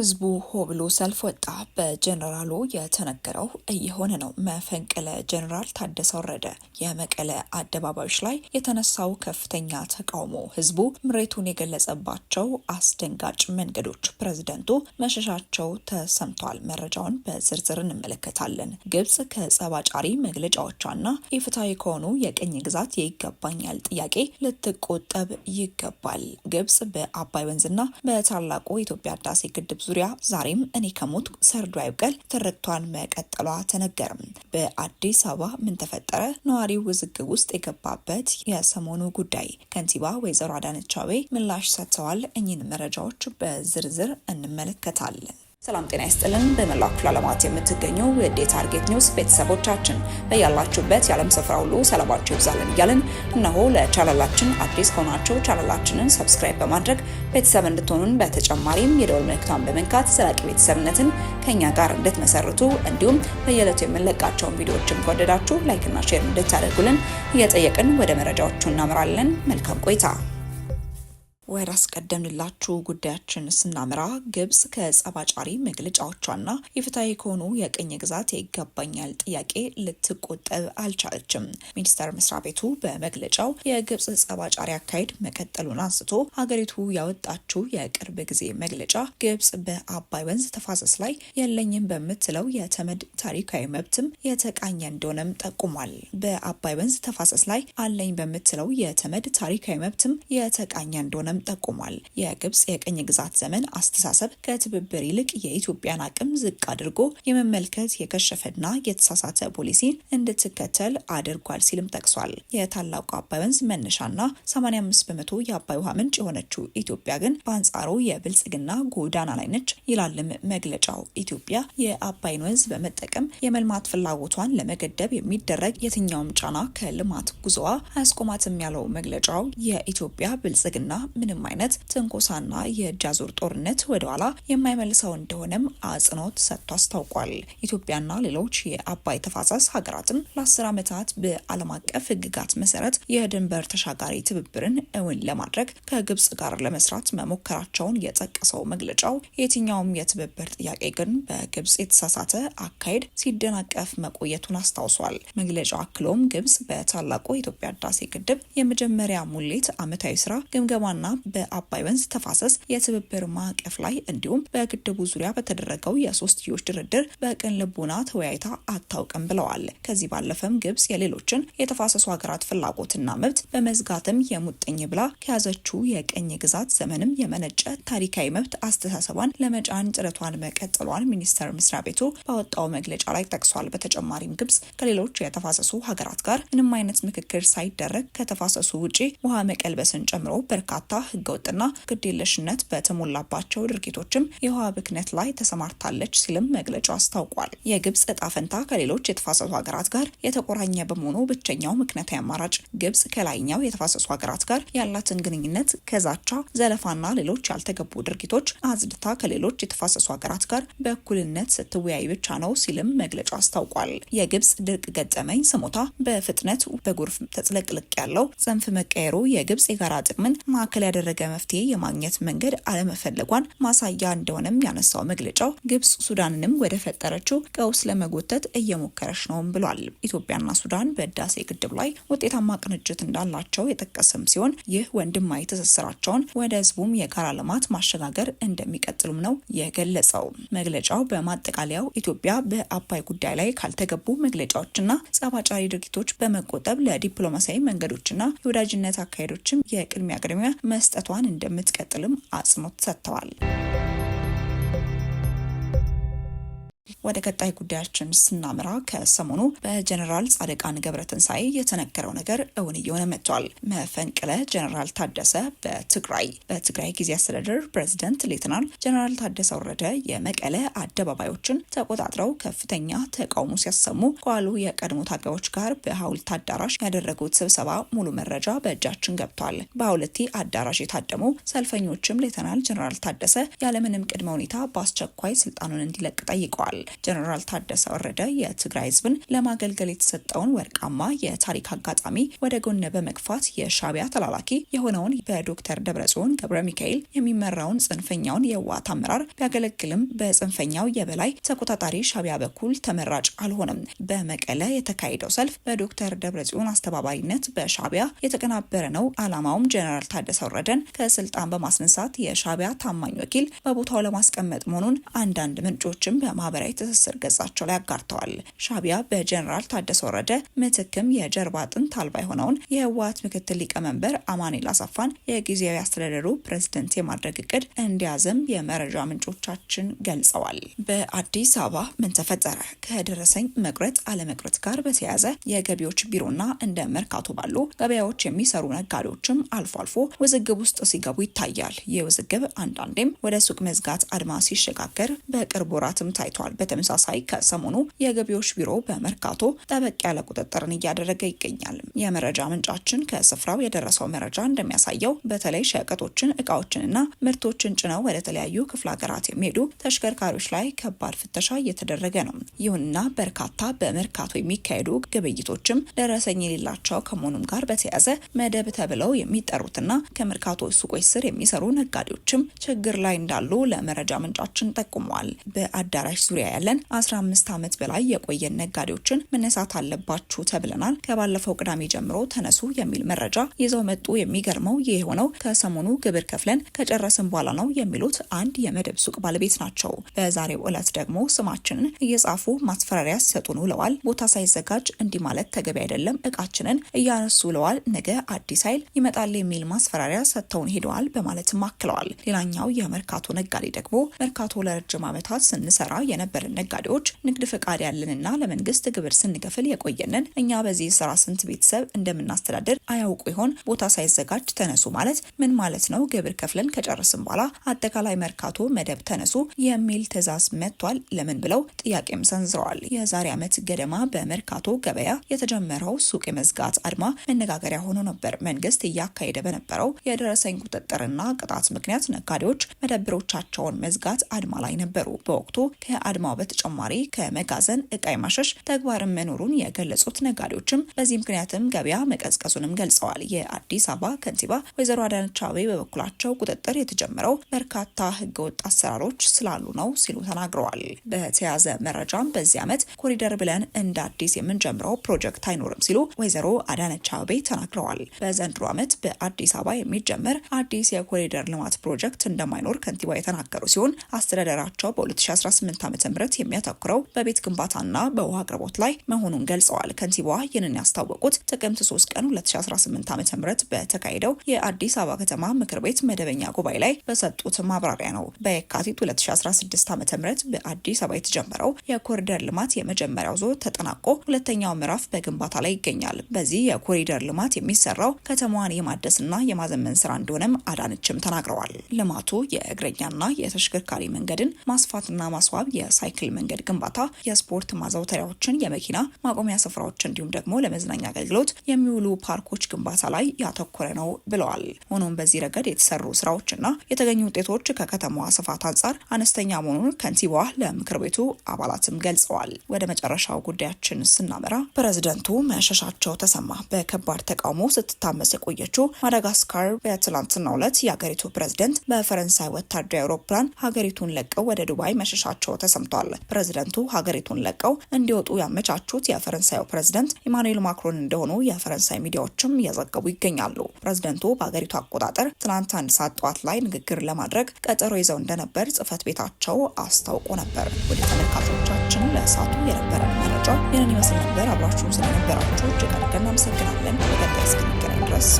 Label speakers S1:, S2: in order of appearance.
S1: ህዝቡ ሆ ብሎ ሰልፍ ወጣ። በጀኔራሉ የተነገረው እየሆነ ነው። መፈንቅለ ጀኔራል ታደሰ ወረደ የመቀለ አደባባዮች ላይ የተነሳው ከፍተኛ ተቃውሞ ህዝቡ ምሬቱን የገለጸባቸው አስደንጋጭ መንገዶች ፕሬዝደንቱ መሸሻቸው ተሰምቷል። መረጃውን በዝርዝር እንመለከታለን። ግብጽ ከጸባጫሪ መግለጫዎቿና ኢፍትሐዊ ከሆኑ የቅኝ ግዛት የይገባኛል ጥያቄ ልትቆጠብ ይገባል። ግብጽ በአባይ ወንዝና በታላቁ የኢትዮጵያ ህዳሴ ግድብ ዙሪያ ዛሬም እኔ ከሞት ሰርዶ አይብቀል ትርክቷን መቀጠሏ ተነገርም። በአዲስ አበባ ምን ተፈጠረ? ነዋሪው ውዝግብ ውስጥ የገባበት የሰሞኑ ጉዳይ ከንቲባ ወይዘሮ አዳነች አቤቤ ምላሽ ሰጥተዋል። እኚህን መረጃዎች በዝርዝር እንመለከታለን።
S2: ሰላም ጤና ይስጥልን። በመላው ክፍለ ዓለማት የምትገኙ የዴ ታርጌት ኒውስ ቤተሰቦቻችን በያላችሁበት የዓለም ስፍራ ሁሉ ሰላማችሁ ይብዛልን እያልን እነሆ ለቻናላችን አዲስ ከሆናችሁ ቻናላችንን ሰብስክራይብ በማድረግ ቤተሰብ እንድትሆኑን፣ በተጨማሪም የደወል ምልክቷን በመንካት ዘላቂ ቤተሰብነትን ከእኛ ጋር እንድትመሰርቱ እንዲሁም በየዕለቱ የምንለቃቸውን ቪዲዮዎችን ከወደዳችሁ ላይክና ሼር እንድታደርጉልን እየጠየቅን ወደ መረጃዎቹ እናምራለን። መልካም ቆይታ
S1: ወደ አስቀደምንላችሁ ጉዳያችን ስናምራ ግብጽ ከጸባጫሪ መግለጫዎቿና የፍትሐዊ ከሆኑ የቅኝ ግዛት የይገባኛል ጥያቄ ልትቆጠብ አልቻለችም። ሚኒስቴር መስሪያ ቤቱ በመግለጫው የግብጽ ጸባጫሪ አካሄድ መቀጠሉን አንስቶ ሀገሪቱ ያወጣችው የቅርብ ጊዜ መግለጫ ግብጽ በአባይ ወንዝ ተፋሰስ ላይ የለኝም በምትለው የተመድ ታሪካዊ መብትም የተቃኘ እንደሆነም ጠቁሟል። በአባይ ወንዝ ተፋሰስ ላይ አለኝ በምትለው የተመድ ታሪካዊ መብትም የተቃኘ እንደሆነም መሆኑንም ጠቁሟል። የግብጽ የቅኝ ግዛት ዘመን አስተሳሰብ ከትብብር ይልቅ የኢትዮጵያን አቅም ዝቅ አድርጎ የመመልከት የከሸፈና የተሳሳተ ፖሊሲ እንድትከተል አድርጓል ሲልም ጠቅሷል። የታላቁ አባይ ወንዝ መነሻና 85 በመቶ የአባይ ውሃ ምንጭ የሆነችው ኢትዮጵያ ግን በአንጻሩ የብልጽግና ጎዳና ላይ ነች ይላልም መግለጫው። ኢትዮጵያ የአባይን ወንዝ በመጠቀም የመልማት ፍላጎቷን ለመገደብ የሚደረግ የትኛውም ጫና ከልማት ጉዞዋ አያስቆማትም ያለው መግለጫው የኢትዮጵያ ብልጽግና ምን ምንም አይነት ትንኮሳና የእጅ አዙር ጦርነት ወደኋላ የማይመልሰው እንደሆነም አጽንኦት ሰጥቶ አስታውቋል። ኢትዮጵያና ሌሎች የአባይ ተፋሰስ ሀገራትም ለአስር ዓመታት በዓለም አቀፍ ህግጋት መሰረት የድንበር ተሻጋሪ ትብብርን እውን ለማድረግ ከግብጽ ጋር ለመስራት መሞከራቸውን የጠቀሰው መግለጫው የትኛውም የትብብር ጥያቄ ግን በግብጽ የተሳሳተ አካሄድ ሲደናቀፍ መቆየቱን አስታውሷል። መግለጫው አክሎም ግብጽ በታላቁ የኢትዮጵያ ህዳሴ ግድብ የመጀመሪያ ሙሌት ዓመታዊ ስራ ግምገማና በአባይ ወንዝ ተፋሰስ የትብብር ማዕቀፍ ላይ እንዲሁም በግድቡ ዙሪያ በተደረገው የሶስትዮሽ ድርድር በቅን ልቡና ተወያይታ አታውቅም ብለዋል። ከዚህ ባለፈም ግብጽ የሌሎችን የተፋሰሱ ሀገራት ፍላጎትና መብት በመዝጋትም የሙጥኝ ብላ ከያዘችው የቅኝ ግዛት ዘመንም የመነጨ ታሪካዊ መብት አስተሳሰቧን ለመጫን ጥረቷን መቀጠሏን ሚኒስቴር መስሪያ ቤቱ ባወጣው መግለጫ ላይ ጠቅሷል። በተጨማሪም ግብጽ ከሌሎች የተፋሰሱ ሀገራት ጋር ምንም አይነት ምክክር ሳይደረግ ከተፋሰሱ ውጪ ውሃ መቀልበስን ጨምሮ በርካታ ህገወጥና ግዴለሽነት በተሞላባቸው ድርጊቶችም የውሃ ብክነት ላይ ተሰማርታለች ሲልም መግለጫው አስታውቋል። የግብጽ እጣ ፈንታ ከሌሎች የተፋሰሱ ሀገራት ጋር የተቆራኘ በመሆኑ ብቸኛው ምክንያታዊ አማራጭ ግብጽ ከላይኛው የተፋሰሱ ሀገራት ጋር ያላትን ግንኙነት ከዛቻ፣ ዘለፋና ሌሎች ያልተገቡ ድርጊቶች አጽድታ ከሌሎች የተፋሰሱ ሀገራት ጋር በእኩልነት ስትወያይ ብቻ ነው ሲልም መግለጫው አስታውቋል። የግብጽ ድርቅ ገጠመኝ ስሞታ በፍጥነት በጎርፍ ተጥለቅልቅ ያለው ዘንፍ መቀየሩ የግብጽ የጋራ ጥቅምን ማዕከል ያደረገ መፍትሄ የማግኘት መንገድ አለመፈለጓን ማሳያ እንደሆነም ያነሳው መግለጫው ግብጽ ሱዳንንም ወደ ፈጠረችው ቀውስ ለመጎተት እየሞከረች ነውም ብሏል። ኢትዮጵያና ሱዳን በህዳሴ ግድብ ላይ ውጤታማ ቅንጅት እንዳላቸው የጠቀሰም ሲሆን ይህ ወንድማዊ ትስስራቸውን ወደ ህዝቡም የጋራ ልማት ማሸጋገር እንደሚቀጥሉም ነው የገለጸው። መግለጫው በማጠቃለያው ኢትዮጵያ በአባይ ጉዳይ ላይ ካልተገቡ መግለጫዎችና ጸባጫሪ ድርጊቶች በመቆጠብ ለዲፕሎማሲያዊ መንገዶችና የወዳጅነት አካሄዶችም የቅድሚያ ቅድሚያ መስጠቷን እንደምትቀጥልም አጽንኦት ሰጥተዋል።
S2: ወደ ቀጣይ ጉዳያችን ስናምራ ከሰሞኑ በጀኔራል ጻድቃን ገብረትንሳኤ የተነገረው ነገር እውን እየሆነ መጥቷል። መፈንቅለ ጀኔራል ታደሰ በትግራይ በትግራይ ጊዜ አስተዳደር ፕሬዚደንት ሌትናል ጀኔራል ታደሰ ወረደ የመቀለ አደባባዮችን ተቆጣጥረው ከፍተኛ ተቃውሞ ሲያሰሙ ከዋሉ የቀድሞ ታጋዮች ጋር በሀውልት አዳራሽ ያደረጉት ስብሰባ ሙሉ መረጃ በእጃችን ገብቷል። በሀውልቲ አዳራሽ የታደሙ ሰልፈኞችም ሌትናል ጀኔራል ታደሰ ያለምንም ቅድመ ሁኔታ በአስቸኳይ ስልጣኑን እንዲለቅ ጠይቀዋል። ተናግረዋል። ጀነራል ታደሰ ወረደ የትግራይ ህዝብን ለማገልገል የተሰጠውን ወርቃማ የታሪክ አጋጣሚ ወደ ጎን በመግፋት የሻቢያ ተላላኪ የሆነውን በዶክተር ደብረጽዮን ገብረ ሚካኤል የሚመራውን ጽንፈኛውን የህወሓት አመራር ቢያገለግልም በጽንፈኛው የበላይ ተቆጣጣሪ ሻቢያ በኩል ተመራጭ አልሆነም። በመቀለ የተካሄደው ሰልፍ በዶክተር ደብረጽዮን አስተባባሪነት በሻቢያ የተቀናበረ ነው። አላማውም ጀነራል ታደሰ ወረደን ከስልጣን በማስነሳት የሻቢያ ታማኝ ወኪል በቦታው ለማስቀመጥ መሆኑን አንዳንድ ምንጮችም በማበ ማህበራዊ ትስስር ገጻቸው ላይ አጋርተዋል። ሻቢያ በጀኔራል ታደሰ ወረደ ምትክም የጀርባ አጥንት አልባ የሆነውን የህወሀት ምክትል ሊቀመንበር አማኑኤል አሰፋን የጊዜያዊ አስተዳደሩ ፕሬዝደንት የማድረግ እቅድ እንዲያዘም የመረጃ ምንጮቻችን ገልጸዋል። በአዲስ አበባ ምን ተፈጠረ? ከደረሰኝ መቁረጥ አለመቁረጥ ጋር በተያያዘ የገቢዎች ቢሮና እንደ መርካቶ ባሉ ገበያዎች የሚሰሩ ነጋዴዎችም አልፎ አልፎ ውዝግብ ውስጥ ሲገቡ ይታያል። ይህ ውዝግብ አንዳንዴም ወደ ሱቅ መዝጋት አድማ ሲሸጋገር በቅርብ ወራትም ታይቷል። ተገኝተዋል። በተመሳሳይ ከሰሞኑ የገቢዎች ቢሮ በመርካቶ ጠበቅ ያለ ቁጥጥርን እያደረገ ይገኛል። የመረጃ ምንጫችን ከስፍራው የደረሰው መረጃ እንደሚያሳየው በተለይ ሸቀጦችን እቃዎችንና ምርቶችን ጭነው ወደ ተለያዩ ክፍለ ሀገራት የሚሄዱ ተሽከርካሪዎች ላይ ከባድ ፍተሻ እየተደረገ ነው። ይሁንና በርካታ በመርካቶ የሚካሄዱ ግብይቶችም ደረሰኝ የሌላቸው ከመሆኑም ጋር በተያያዘ መደብ ተብለው የሚጠሩትና ከመርካቶ ሱቆች ስር የሚሰሩ ነጋዴዎችም ችግር ላይ እንዳሉ ለመረጃ ምንጫችን ጠቁመዋል። በአዳራሽ ዙሪያ ዙሪያ ያለን አስራ አምስት ዓመት በላይ የቆየን ነጋዴዎችን መነሳት አለባችሁ ተብለናል። ከባለፈው ቅዳሜ ጀምሮ ተነሱ የሚል መረጃ ይዘው መጡ። የሚገርመው ይህ የሆነው ከሰሞኑ ግብር ከፍለን ከጨረስን በኋላ ነው የሚሉት አንድ የመደብ ሱቅ ባለቤት ናቸው። በዛሬው ዕለት ደግሞ ስማችንን እየጻፉ ማስፈራሪያ ሲሰጡን ውለዋል። ቦታ ሳይዘጋጅ እንዲህ ማለት ተገቢ አይደለም፣ እቃችንን እያነሱ ውለዋል። ነገ አዲስ ኃይል ይመጣል የሚል ማስፈራሪያ ሰጥተውን ሄደዋል በማለትም አክለዋል። ሌላኛው የመርካቶ ነጋዴ ደግሞ መርካቶ ለረጅም ዓመታት ስንሰራ የነበ የነበርን ነጋዴዎች ንግድ ፈቃድ ያለንና ለመንግስት ግብር ስንከፍል የቆየንን እኛ በዚህ ስራ ስንት ቤተሰብ እንደምናስተዳድር አያውቁ ይሆን? ቦታ ሳይዘጋጅ ተነሱ ማለት ምን ማለት ነው? ግብር ከፍለን ከጨረስን በኋላ አጠቃላይ መርካቶ መደብ ተነሱ የሚል ትዕዛዝ መጥቷል። ለምን ብለው ጥያቄም ሰንዝረዋል። የዛሬ ዓመት ገደማ በመርካቶ ገበያ የተጀመረው ሱቅ የመዝጋት አድማ መነጋገሪያ ሆኖ ነበር። መንግስት እያካሄደ በነበረው የደረሰኝ ቁጥጥርና ቅጣት ምክንያት ነጋዴዎች መደብሮቻቸውን መዝጋት አድማ ላይ ነበሩ። በወቅቱ ከአድ ከአድማው በተጨማሪ ከመጋዘን እቃ የማሸሽ ተግባርን መኖሩን የገለጹት ነጋዴዎችም በዚህ ምክንያትም ገበያ መቀዝቀዙንም ገልጸዋል። የአዲስ አበባ ከንቲባ ወይዘሮ አዳነች አቤቤ በበኩላቸው ቁጥጥር የተጀመረው በርካታ ህገወጥ አሰራሮች ስላሉ ነው ሲሉ ተናግረዋል። በተያያዘ መረጃም በዚህ ዓመት ኮሪደር ብለን እንደ አዲስ የምንጀምረው ፕሮጀክት አይኖርም ሲሉ ወይዘሮ አዳነች አቤቤ ተናግረዋል። በዘንድሮ ዓመት በአዲስ አበባ የሚጀመር አዲስ የኮሪደር ልማት ፕሮጀክት እንደማይኖር ከንቲባ የተናገሩ ሲሆን አስተዳደራቸው በ2018 ዓ የሚያተኩረው በቤት ግንባታና በውሃ አቅርቦት ላይ መሆኑን ገልጸዋል። ከንቲባዋ ይህንን ያስታወቁት ጥቅምት 3 ቀን 2018 ዓ ም በተካሄደው የአዲስ አበባ ከተማ ምክር ቤት መደበኛ ጉባኤ ላይ በሰጡት ማብራሪያ ነው። በየካቲት 2016 ዓ ም በአዲስ አበባ የተጀመረው የኮሪደር ልማት የመጀመሪያው ዞ ተጠናቆ ሁለተኛው ምዕራፍ በግንባታ ላይ ይገኛል። በዚህ የኮሪደር ልማት የሚሰራው ከተማዋን የማደስና የማዘመን ስራ እንደሆነም አዳነችም ተናግረዋል። ልማቱ የእግረኛና የተሽከርካሪ መንገድን ማስፋትና ማስዋብ፣ የ የሳይክል መንገድ ግንባታ፣ የስፖርት ማዘውተሪያዎችን፣ የመኪና ማቆሚያ ስፍራዎች እንዲሁም ደግሞ ለመዝናኛ አገልግሎት የሚውሉ ፓርኮች ግንባታ ላይ ያተኮረ ነው ብለዋል። ሆኖም በዚህ ረገድ የተሰሩ ስራዎችና የተገኙ ውጤቶች ከከተማዋ ስፋት አንጻር አነስተኛ መሆኑን ከንቲባዋ ለምክር ቤቱ አባላትም ገልጸዋል። ወደ መጨረሻው ጉዳያችን ስናመራ ፕሬዝደንቱ መሸሻቸው ተሰማ። በከባድ ተቃውሞ ስትታመስ የቆየችው ማዳጋስካር በትላንትናው ዕለት የሀገሪቱ ፕሬዝደንት በፈረንሳይ ወታደራዊ አውሮፕላን ሀገሪቱን ለቀው ወደ ዱባይ መሸሻቸው ተሰምቷል። ተሰምቷል። ፕሬዝደንቱ ሀገሪቱን ለቀው እንዲወጡ ያመቻቹት የፈረንሳዩ ፕሬዝደንት ኢማኑኤል ማክሮን እንደሆኑ የፈረንሳይ ሚዲያዎችም እየዘገቡ ይገኛሉ። ፕሬዝደንቱ በሀገሪቱ አቆጣጠር ትናንት አንድ ሰዓት ጠዋት ላይ ንግግር ለማድረግ ቀጠሮ ይዘው እንደነበር ጽህፈት ቤታቸው አስታውቆ ነበር። ወደ ተመልካቾቻችን ለእሳቱ የነበረ መረጃ ይህንን ይመስል ነበር። አብራችሁ ስለነበራችሁ እጅግ አድርገን እናመሰግናለን። በቀጣይ እስክንገናኝ ድረስ